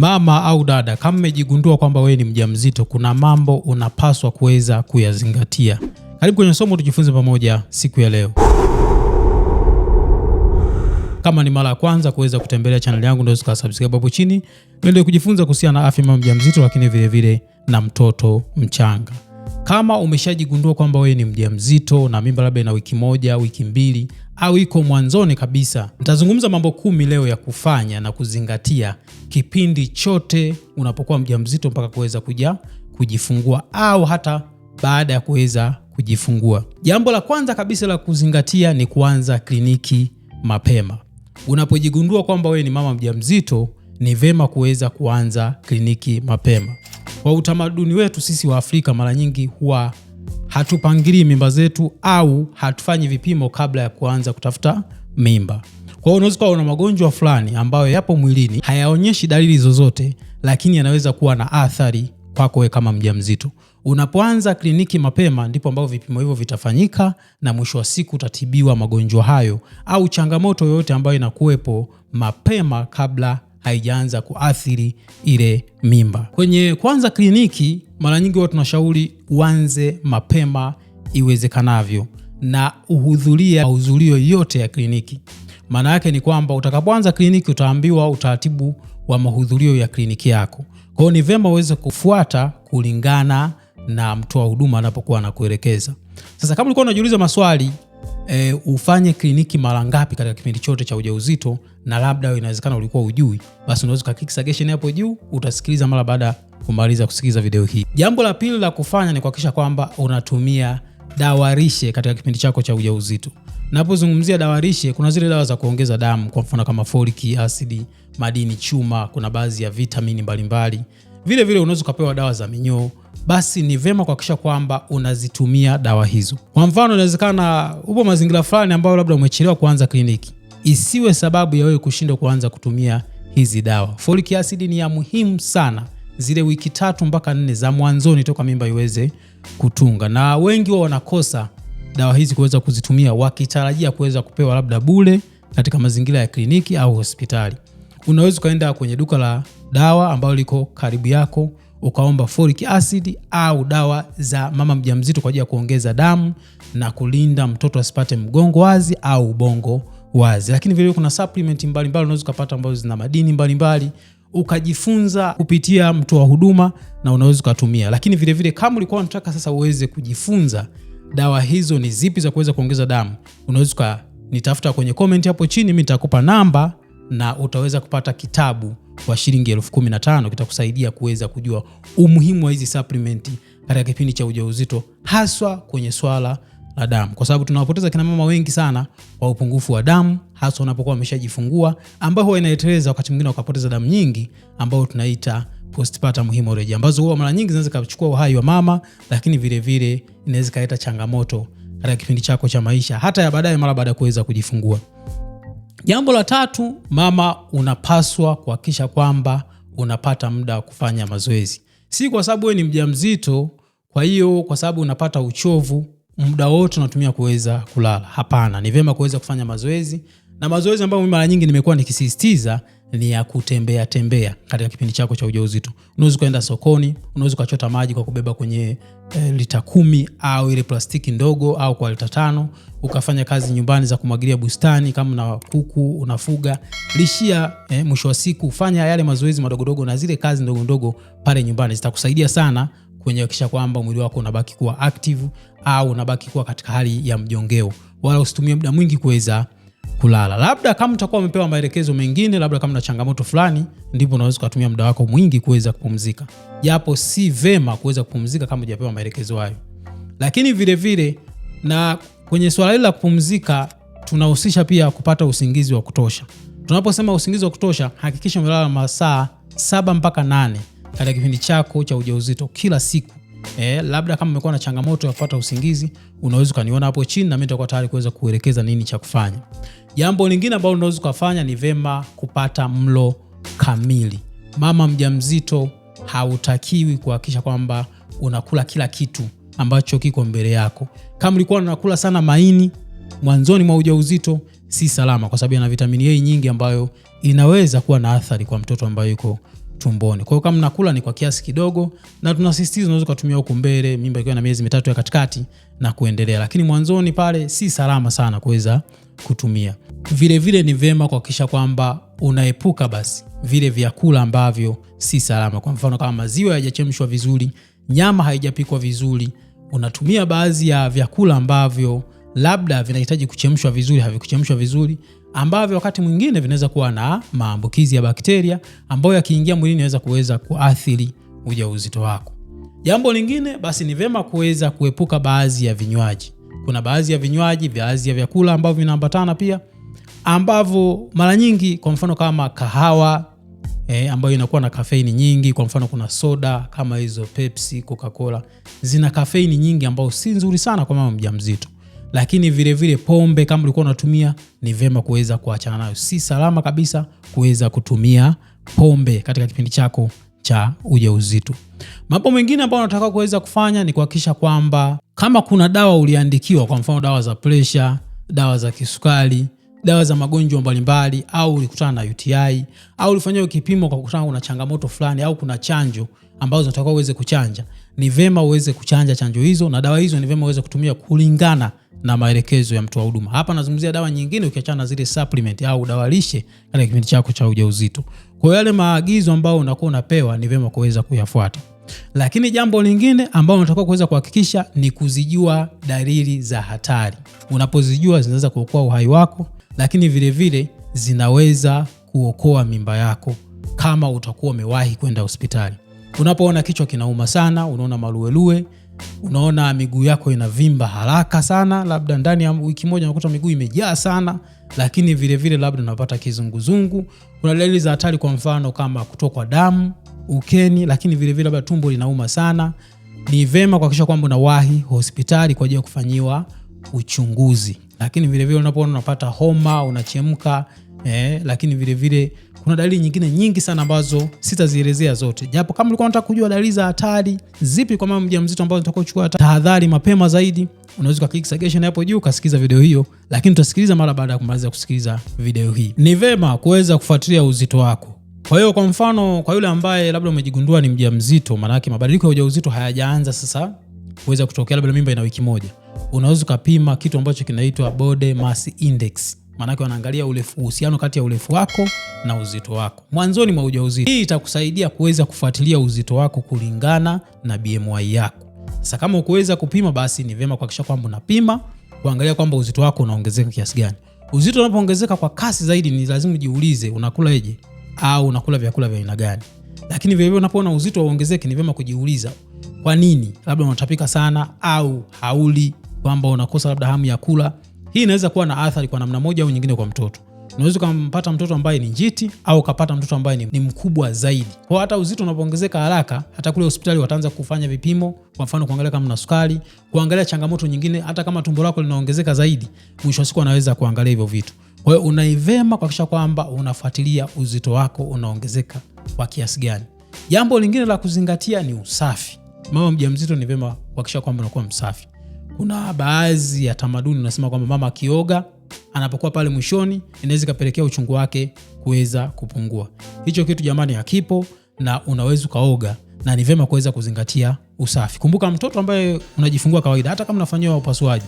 Mama au dada, kama umejigundua kwamba wewe ni mjamzito, kuna mambo unapaswa kuweza kuyazingatia. Karibu kwenye somo tujifunze pamoja siku ya leo. Kama ni mara ya kwanza kuweza kutembelea chaneli yangu, ndio subscribe hapo chini, ndio kujifunza kuhusiana na afya mama mjamzito, lakini vile vile na mtoto mchanga. Kama umeshajigundua kwamba wewe ni mjamzito na mimba labda ina wiki moja, wiki mbili au iko mwanzoni kabisa. Nitazungumza mambo kumi leo ya kufanya na kuzingatia kipindi chote unapokuwa mjamzito mpaka kuweza kuja kujifungua au hata baada ya kuweza kujifungua. Jambo la kwanza kabisa la kuzingatia ni kuanza kliniki mapema. Unapojigundua kwamba wewe ni mama mjamzito, ni vema kuweza kuanza kliniki mapema. Kwa utamaduni wetu sisi wa Afrika, mara nyingi huwa hatupangilii mimba zetu au hatufanyi vipimo kabla ya kuanza kutafuta mimba. Kwa hiyo unaweza kuwa una magonjwa fulani ambayo yapo mwilini, hayaonyeshi dalili zozote, lakini yanaweza kuwa na athari kwako wewe kama mjamzito. Unapoanza kliniki mapema, ndipo ambavyo vipimo hivyo vitafanyika na mwisho wa siku utatibiwa magonjwa hayo au changamoto yoyote ambayo inakuwepo mapema kabla haijaanza kuathiri ile mimba. Kwenye kuanza kliniki mara nyingi huwa tunashauri uanze mapema iwezekanavyo na uhudhurie mahudhurio yote ya kliniki. Maana yake ni kwamba utakapoanza kliniki utaambiwa utaratibu wa mahudhurio ya kliniki yako. Kwa ni vyema uweze kufuata kulingana na mtoa huduma anapokuwa anakuelekeza. Sasa kama ulikuwa unajiuliza maswali e, ufanye kliniki mara ngapi katika kipindi chote cha ujauzito na labda inawezekana ulikuwa ujui, basi unaweza kuklik hapo juu utasikiliza mara baada kumaliza kusikiliza video hii. Jambo la pili la kufanya ni kuhakikisha kwamba unatumia dawa lishe katika kipindi chako cha ujauzito. Napozungumzia dawa lishe, kuna zile dawa za kuongeza damu, kwa mfano kama folic acid, madini chuma, kuna baadhi ya vitamini mbalimbali. Vile vile unaweza ukapewa dawa za minyoo, basi ni vema kuhakikisha kwamba unazitumia dawa hizo. Kwa mfano, inawezekana upo mazingira fulani ambayo labda umechelewa kuanza kliniki, isiwe sababu ya wewe kushindwa kuanza kutumia hizi dawa. Folic acid ni ya muhimu sana zile wiki tatu mpaka nne za mwanzoni toka mimba iweze kutunga, na wengi wao wanakosa dawa hizi kuweza kuzitumia wakitarajia kuweza kupewa labda bure katika mazingira ya kliniki au hospitali. Unaweza ukaenda kwenye duka la dawa ambalo liko karibu yako ukaomba folic acid au dawa za mama mjamzito kwa ajili ya kuongeza damu na kulinda mtoto asipate mgongo wazi au ubongo wazi. Lakini vile kuna supplement mbalimbali unaweza kupata ambazo zina madini mbalimbali ukajifunza kupitia wa huduma na unaweza ukatumia. Lakini vilevile kama ulikuwa unataka sasa uweze kujifunza dawa hizo ni zipi za kuweza kuongeza damu, unaweza ukanitafuta kwenye comment hapo chini, mimi nitakupa namba na utaweza kupata kitabu kwa shilingi elfu kumi na tano kitakusaidia kuweza kujua umuhimu wa hizi supplement katika kipindi cha ujauzito, haswa kwenye swala la damu, kwa sababu tunawapoteza kina mama wengi sana kwa upungufu wa damu, hasa wanapokuwa wameshajifungua, ambao huwa inaeteleza wakati mwingine wakapoteza damu nyingi, ambao tunaita postpartum hemorrhage, ambazo huwa mara nyingi zinaweza kuchukua uhai wa mama, lakini vile vile inaweza kaleta changamoto katika kipindi chako cha maisha, hata ya baadaye, mara baada ya kuweza kujifungua. Jambo la tatu, mama unapaswa kuhakikisha kwamba unapata muda wa kufanya mazoezi, si kwa sababu wewe ni mjamzito, kwa hiyo kwa sababu unapata uchovu muda wote unatumia kuweza kulala. Hapana, ni vyema kuweza kufanya mazoezi, na mazoezi ambayo mara nyingi nimekuwa nikisisitiza ni ya kutembea tembea katika kipindi chako cha ujauzito. Unaweza ukaenda sokoni, unaweza ukachota maji kwa kubeba kwenye e, lita kumi au ile plastiki ndogo au kwa lita tano, ukafanya kazi nyumbani za kumwagilia bustani kama na kuku unafuga lishia. E, mwisho wa siku fanya yale mazoezi madogodogo na zile kazi ndogondogo pale nyumbani zitakusaidia sana kwenye kuhakikisha kwamba mwili wako unabaki kuwa active au unabaki kuwa katika hali ya mjongeo, wala usitumie muda mwingi kuweza kulala. Labda kama utakuwa umepewa maelekezo mengine, labda kama una changamoto fulani, ndipo unaweza kutumia muda wako mwingi kuweza kupumzika, japo si vema kuweza kupumzika kama hujapewa maelekezo hayo. Lakini vile vile, na kwenye swala hili la kupumzika tunahusisha pia kupata usingizi wa kutosha. Tunaposema usingizi wa kutosha, hakikisha umelala masaa saba mpaka nane katika kipindi chako cha ujauzito kila siku. E, labda kama umekuwa na changamoto ya kupata usingizi unaweza ukaniona hapo chini na mimi nitakuwa tayari kuweza kuelekeza nini cha kufanya. Jambo lingine ambalo unaweza ukafanya ni vema kupata mlo kamili. Mama mjamzito hautakiwi kuhakikisha kwamba unakula kila kitu ambacho kiko mbele yako. Kama ulikuwa unakula sana maini mwanzoni mwa ujauzito, si salama, kwa sababu ina vitamini A nyingi ambayo inaweza kuwa na athari kwa mtoto ambaye yuko tumboni. Kwa hiyo kama nakula ni kwa kiasi kidogo, na tunasisitiza unaweza kutumia huko mbele, mimba ikiwa na miezi mitatu ya katikati na kuendelea, lakini mwanzoni pale si salama sana kuweza kutumia. Vilevile vile ni vema kuhakikisha kwamba unaepuka basi vile vyakula ambavyo si salama, kwa mfano kama maziwa hayajachemshwa vizuri, nyama haijapikwa vizuri, unatumia baadhi ya vyakula ambavyo labda vinahitaji kuchemshwa vizuri, havikuchemshwa vizuri ambavyo wakati mwingine vinaweza kuwa na maambukizi ya bakteria ambayo yakiingia mwilini yanaweza kuweza kuathiri ujauzito wako. Jambo lingine basi ni vema kuweza kuepuka baadhi ya vinywaji. Kuna baadhi ya vinywaji, baadhi ya vyakula ambavyo vinaambatana pia ambavyo mara nyingi, kwa mfano kama kahawa eh, ambayo inakuwa na kafeini nyingi. Kwa mfano kuna soda kama hizo Pepsi, Coca-Cola zina kafeini nyingi ambayo si nzuri sana kwa mama mjamzito lakini vile vile pombe kama ulikuwa unatumia ni vyema kuweza kuachana nayo. Si salama kabisa kuweza kutumia pombe katika kipindi chako cha ujauzito. Mambo mengine ambayo unataka kuweza kufanya ni kuhakikisha kwamba kama kuna dawa uliandikiwa, kwa mfano dawa za presha, dawa za kisukari, dawa za magonjwa mbalimbali, au ulikutana na UTI au ulifanyiwa kipimo kwa kukutana kuna changamoto fulani au kuna chanjo ambazo unataka uweze kuchanja, ni vema uweze kuchanja chanjo hizo, na dawa hizo ni vema uweze kutumia kulingana na maelekezo ya mtu wa huduma. Hapa nazungumzia dawa nyingine ukiachana na zile supplement au dawa lishe katika kipindi chako cha ujauzito. Kwa hiyo yale maagizo ambayo unakuwa unapewa ni vyema kuweza kuyafuata. Lakini jambo lingine ambalo unatakiwa kuweza kuhakikisha ni kuzijua dalili za hatari. Unapozijua zinaweza kuokoa uhai wako, lakini vile vile, zinaweza kuokoa mimba yako kama utakuwa umewahi kwenda hospitali. Unapoona kichwa kinauma sana, unaona maluelue unaona miguu yako inavimba haraka sana, labda ndani ya wiki moja unakuta miguu imejaa sana, lakini vile vile labda unapata kizunguzungu. Kuna dalili za hatari, kwa mfano kama kutokwa damu, ukeni, lakini vile vile labda tumbo linauma sana. Ni vema kuhakikisha kwamba unawahi hospitali kwa ajili ya kufanyiwa uchunguzi. Lakini vile vile unapoona unapata homa, unachemka eh, lakini vile vile kuna dalili nyingine nyingi sana ambazo sitazielezea zote, japo kama ulikuwa unataka kujua dalili za hatari zipi kwa mama mjamzito ambazo kuchukua tahadhari mapema zaidi, unaweza ukaklik suggestion hapo juu ukasikiza video hiyo, lakini utasikiliza mara baada ya kumaliza kusikiliza video hii. Ni vema kuweza kufuatilia uzito wako. Kwa hiyo kwa mfano, kwa yule ambaye labda umejigundua ni mjamzito, maana yake mabadiliko ya ujauzito hayajaanza sasa kuweza kutokea, labda mimba ina wiki moja, unaweza ukapima kitu ambacho kinaitwa body mass index maanake wanaangalia uhusiano kati ya urefu wako na uzito wako mwanzoni mwa ujauzito. Hii itakusaidia kuweza kufuatilia uzito wako kulingana na BMI yako. Sasa kama ukuweza kupima, basi ni vyema kuhakikisha kwamba unapima kuangalia kwamba uzito wako unaongezeka kiasi gani. Uzito unapoongezeka kwa kasi zaidi, ni lazima ujiulize unakulaje au unakula vyakula vya aina gani. Lakini vilevile unapoona uzito hauongezeki, ni vyema kujiuliza kwa nini, labda unatapika sana au hauli, kwamba unakosa labda hamu ya kula hii inaweza kuwa na athari kwa namna moja au nyingine kwa mtoto. Unaweza ukampata mtoto ambaye ni njiti au ukapata mtoto ambaye ni, ni mkubwa zaidi. Kwa hata uzito unapoongezeka haraka, hata kule hospitali wataanza kufanya vipimo, kwa mfano kuangalia kama una sukari, kuangalia changamoto nyingine, hata kama tumbo lako linaongezeka zaidi, mwisho wa siku anaweza kuangalia hivyo vitu. Kwa hiyo unaivema kuhakikisha kwamba unafuatilia uzito wako unaongezeka kwa kiasi gani. Jambo lingine la kuzingatia ni usafi. Mama mjamzito ni vema kuhakikisha kwamba unakuwa msafi kuna baadhi ya tamaduni unasema kwamba mama akioga anapokuwa pale mwishoni inaweza ikapelekea uchungu wake kuweza kupungua. Hicho kitu jamani hakipo, na unaweza ukaoga na ni vyema kuweza kuzingatia usafi. Kumbuka mtoto ambaye unajifungua kawaida, hata kama unafanyiwa upasuaji,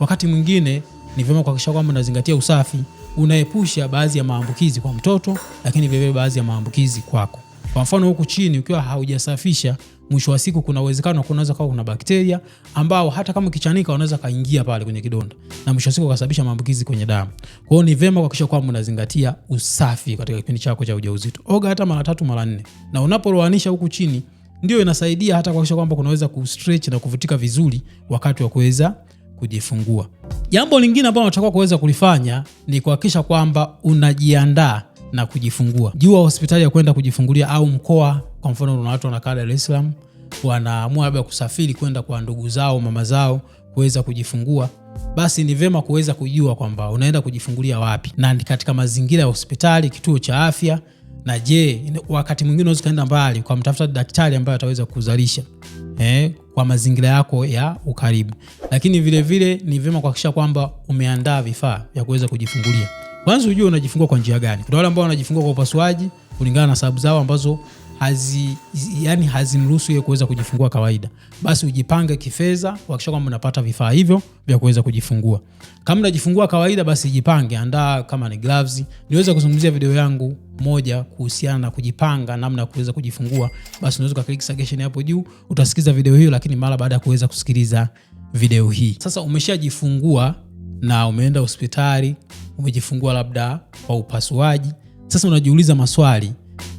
wakati mwingine ni vyema kuhakikisha kwamba unazingatia usafi, unaepusha baadhi ya maambukizi kwa mtoto, lakini vilevile baadhi ya maambukizi kwako. Kwa mfano huku chini ukiwa haujasafisha, mwisho wa siku kuna uwezekano kunaweza kuwa kuna bakteria ambao hata kama kichanika wanaweza kaingia pale kwenye kidonda na mwisho wa siku ukasababisha maambukizi kwenye damu. Kwa hiyo ni vema kuhakikisha kwamba unazingatia usafi katika kipindi chako cha ujauzito. Oga hata mara tatu mara nne, na unaporoanisha huku chini ndio inasaidia hata kuhakikisha kwamba kunaweza kustretch na kuvutika vizuri wakati wa kuweza kujifungua. Jambo lingine ambalo unatakiwa kuweza kulifanya ni kuhakikisha kwamba unajiandaa na kujifungua. Jua hospitali ya kwenda kujifungulia au mkoa, kwa mfano una watu wanakaa Dar es Salaam, wanaamua labda kusafiri kwenda kwa ndugu zao, mama zao kuweza kujifungua, basi ni vema kuweza kujua kwamba unaenda kujifungulia wapi na ni katika mazingira ya hospitali, kituo cha afya, na je, wakati mwingine unaweza ukaenda mbali kwa mtafuta daktari ambaye ataweza kuzalisha eh, kwa mazingira yako ya ukaribu. Lakini vilevile ni vyema kuhakikisha kwamba umeandaa vifaa vya kuweza kujifungulia. Kwanza ujue unajifungua kwa njia gani. Kuna wale ambao wanajifungua kwa upasuaji kulingana na sababu zao ambazo hazi yani hazimruhusu yeye kuweza kujifungua kawaida. Basi ujipange kifedha, hakikisha kwamba unapata vifaa hivyo vya kuweza kujifungua. Kama unajifungua kawaida, basi jipange, andaa kama ni gloves. Niweza kuzungumzia video yangu moja kuhusiana na kujipanga, namna ya kuweza kujifungua. Basi unaweza kuklik suggestion hapo juu, utasikiza video hiyo, lakini mara baada ya kuweza kusikiliza video hii, sasa umeshajifungua na umeenda hospitali umejifungua labda kwa upasuaji. Sasa unajiuliza maswali,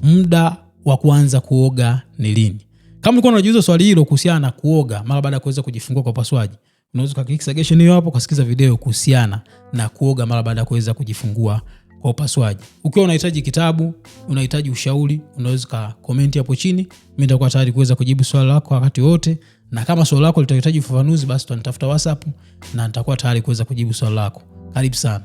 muda wa kuanza kuoga ni lini? Kama ulikuwa unajiuliza swali hilo kuhusiana na kuoga mara baada ya kuweza kujifungua kwa upasuaji, unaweza ukaklik suggestion hiyo hapo ukasikiza video kuhusiana na kuoga mara baada ya kuweza kujifungua kwa upasuaji. Ukiwa unahitaji kitabu, unahitaji ushauri, unaweza ukakomenti hapo chini. Mimi nitakuwa tayari kuweza kujibu swali lako wakati wote na kama swali lako litahitaji ufafanuzi, basi tutanitafuta WhatsApp na nitakuwa tayari kuweza kujibu swali lako. Karibu sana.